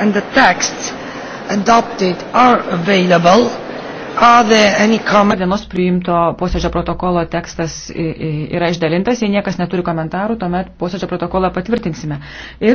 and the texts adopted are available. Are there any comments? Dienos priimto posėdžio protokolo tekstas yra išdalintas, jei niekas neturi komentarų, tuomet posėdžio protokolą patvirtinsime. Ir